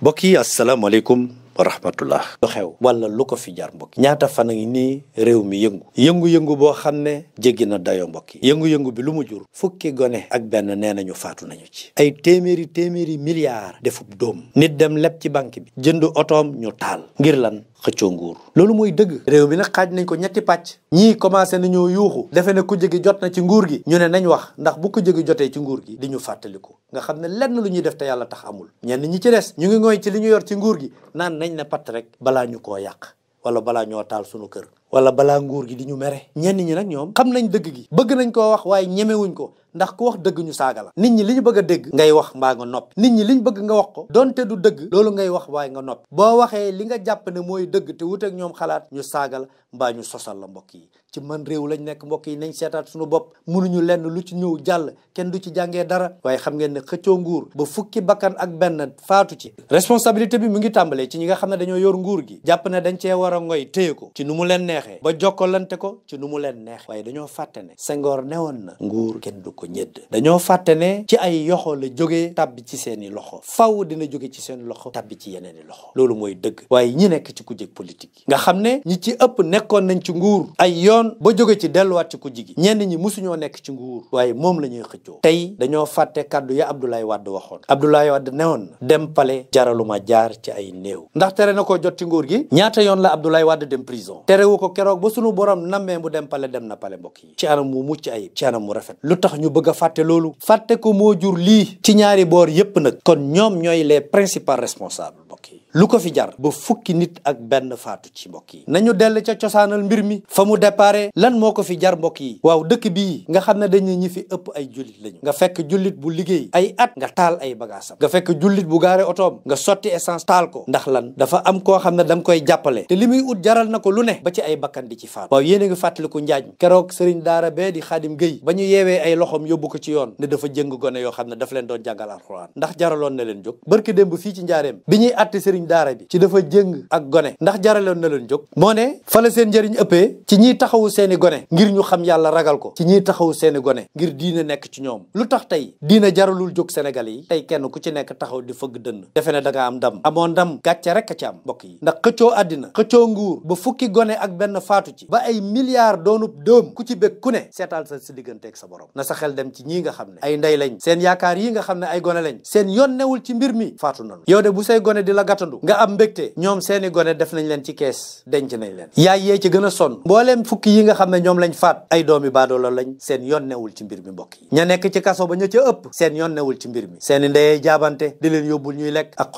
mbokk yi asalaamaaleykum wa rahmatullah lu xew wala lu ko fi jar mbokk ñaata fan a ngi nii réew mi yëngu yëngu-yëngu boo xam ne jéggi na dayo mbokk yi yëngu-yëngu bi lu mu jur fukki gone ak benn nee na ñu faatu nañu ci ay téeméeri téeméeri milliards defub doom nit dem leb ci banque bi jënd otoom ñu taal ngir lan xëccoo nguur loolu mooy dëgg réew mi nag xaaj nañ ko ñetti pàcc ñii commencé nañoo yuuxu defe ne ku jëgi jot na ci nguur gi ñu ne nañ wax ndax bu ko jëgi jotee ci nguur gi di ñu fàttaliku nga xam ne lenn lu ñuy def te yàlla tax amul ñenn ñi ci des ñu ngi ngooy ci li ñu yor ci nguur gi naan nañ ne patt rek balaa ñu koo yàq wala balaa ñoo taal sunu kër wala balaa nguur gi di ñu mere ñenn ñi nag ñoom xam nañ dëgg gi bëgg nañ koo wax waaye ñemewuñ ko ndax ku wax dëgg ñu saaga la nit ñi li ñu bëgg a dégg ngay wax mbaa nga noppi nit ñi li ñu bëgg nga wax ko donte du dëgg loolu ngay wax waaye nga nopp boo waxee li nga jàpp ne mooy dëgg te wuteeg ñoom xalaat ñu saaga la sosal la mbokk yi ci man réew lañ nekk mbokk yi nañ seetaat suñu bopp mënuñu lenn lu ci ñëw jàll kenn du ci jàngee dara waaye xam ngeen ne xëccoo nguur ba fukki bakkan ak benn faatu ci responsabilité bi mu ngi tàmbalee ci ñi nga xam ne dañoo yor nguur gi jàpp ne dañ cee war a ngoy téye ko ci nu neexee ba jokkalante ko ci nu mu leen neexe waaye dañoo fàtte ne sengoor neewoon na nguur kenn du ko ñëdd dañoo fàtte ne ci ay yoxo la jógee tàbbi ci seeni loxo faw dina jóge ci seeni loxo tàbbi ci yeneeni loxo loolu mooy dëgg waaye ñi nekk ci kujje politique nga xam ne ñi ci ëpp nekkoon nañ ci nguur ay yoon ba jóge ci delluwaat ci kujje gi ñenn ñi musuñoo nekk ci nguur waaye moom la ñuy xëccoo tey dañoo fàtte kàddu ya Abdoulaye Wade waxoon Abdoulaye Wade newoon na dem pale jaraluma jaar ci ay néew ndax tere na ko jot ci nguur gi ñaata yoon la Abdoulaye ko keroog ba sunu borom nammee bu dem pale dem na pale mbokk yi ci anam mu mucc ay ci anam mu rafet lu tax ñu bëgg a fàtte loolu fàtte ko moo jur lii ci ñaari boor yépp nag kon ñoom ñooy les principaux responsable mbokk yi lu ko fi jar ba fukki nit ak benn faatu ci mbokk yi nañu dell ca cosaanal mbir mi fa mu dépare lan moo ko fi jar mbokk yi waaw dëkk bi nga xam ne dañuy ñi fi ëpp ay jullit lañu nga fekk jullit bu liggéey ay at nga taal ay bagaasam nga fekk jullit bu gaare otoom nga sotti essence ko ndax lan dafa am koo xam ne da nga koy jàppale te li muy ut jaral na ko lu ne ba ci ay bakkan di ci faatu waaw yéen a ngi fàttaliku njaaj keroog sëriñ daara bee di xaadim géy ba ñu yeewee ay loxoom yóbbu ko ci yoon ne dafa jëng gone yoo xam ne dafa leen doon jàngalaat alxuraan ndax jaraloon na leen jóg barki démb fii ci njaareem bi ñuy àtte daara bi ci dafa jëng ak gone ndax jaraloon na leen jog moo ne fa seen njëriñ ëppee ci ñi taxawu seeni gone ngir ñu xam yàlla ragal ko ci ñi taxawu seeni gone ngir diina nekk ci ñoom lu tax tey diina jaralul jóg Sénégal yi tey kenn ku ci nekk taxaw di fëgg dënn defe ne da am ndam amoo ndam gàcce rek a ci am mbokk yi ndax xëccoo àddina xëccoo ba fukki gone ak benn faatu ci ba ay milliards doonub dóom ku ci bëgg ku ne seetal sa si sa borom na sa xel dem ci ñii nga xam ne ay ndey lañ yi nga xam ne ay gone lañ seen yoon newul ci mbir mi faatu nañu yow de bu say gone di la gàttu dëkkandoo nga am mbégte ñoom seeni gone def nañ leen ci kees denc nañ leen yaay yee ci gën a sonn mbooleem fukki yi nga xam ne ñoom lañ faat ay doomi baadoola lañ seen yoon newul ci mbir mi mbokk yi nekk ci kaso ba ña ca ëpp seen yoon newul ci mbir mi seeni ndeyee jaabante di leen yóbbul ñuy lekk ak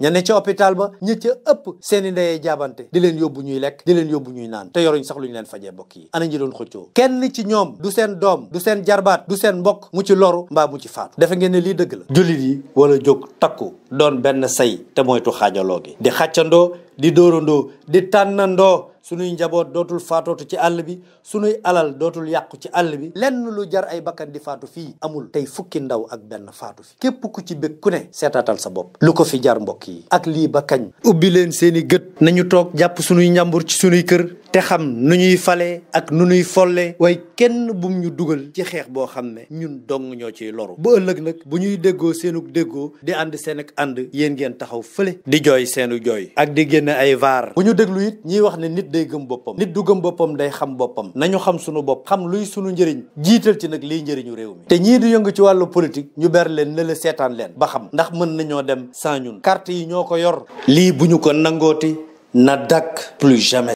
ña ne ca hôpital ba ña ca ëpp seeni ndeyee jaabante di leen yóbbu ñuy lekk di leen yóbbu ñuy naan te yoruñ sax luñ leen fajee mbokk yi ana ñi doon xëccoo kenn ci ñoom du seen doom du seen jarbaat du seen mbokk mu ci loru mbaa mu ci faatu defe ngeen ne lii dëgg la jullit yi wala jóg takku doon benn say te xaajaloo gi di xàccandoo di dóorandoo di tànnandoo sunuy njaboot dootul faatootu ci àll bi sunuy alal dootul yàqu ci àll bi lenn lu jar ay bakkan di faatu fii amul tey fukki ndaw ak benn faatu fi képp ku ci bëgg ku ne seetaatal sa bopp lu ko fi jar mbokk yi ak lii ba kañ ubbi leen seeni gët nañu toog jàpp sunuy njàmbur ci sunuy kër te xam nu ñuy fale ak nu ñuy folle way kenn bum ñu dugal ci xeex boo xam ne ñun dong ñoo ciy loru bu ëllëg nag bu ñuy déggoo seenug déggoo di ànd seen ak ànd yéen ngeen taxaw fële di jooy seenu jooy ak day gëm boppam nit du gëm boppam day xam boppam nañu xam sunu bopp xam luy sunu njëriñ jiital ci nag lii njëriñu réew mi te ñii di yëngu ci wàllu politique ñu ber leen ne la seetaan leen ba xam ndax mën nañoo dem sans ñun carte yi ñoo ko yor lii bu ñu ko nangooti na dakk plus jamais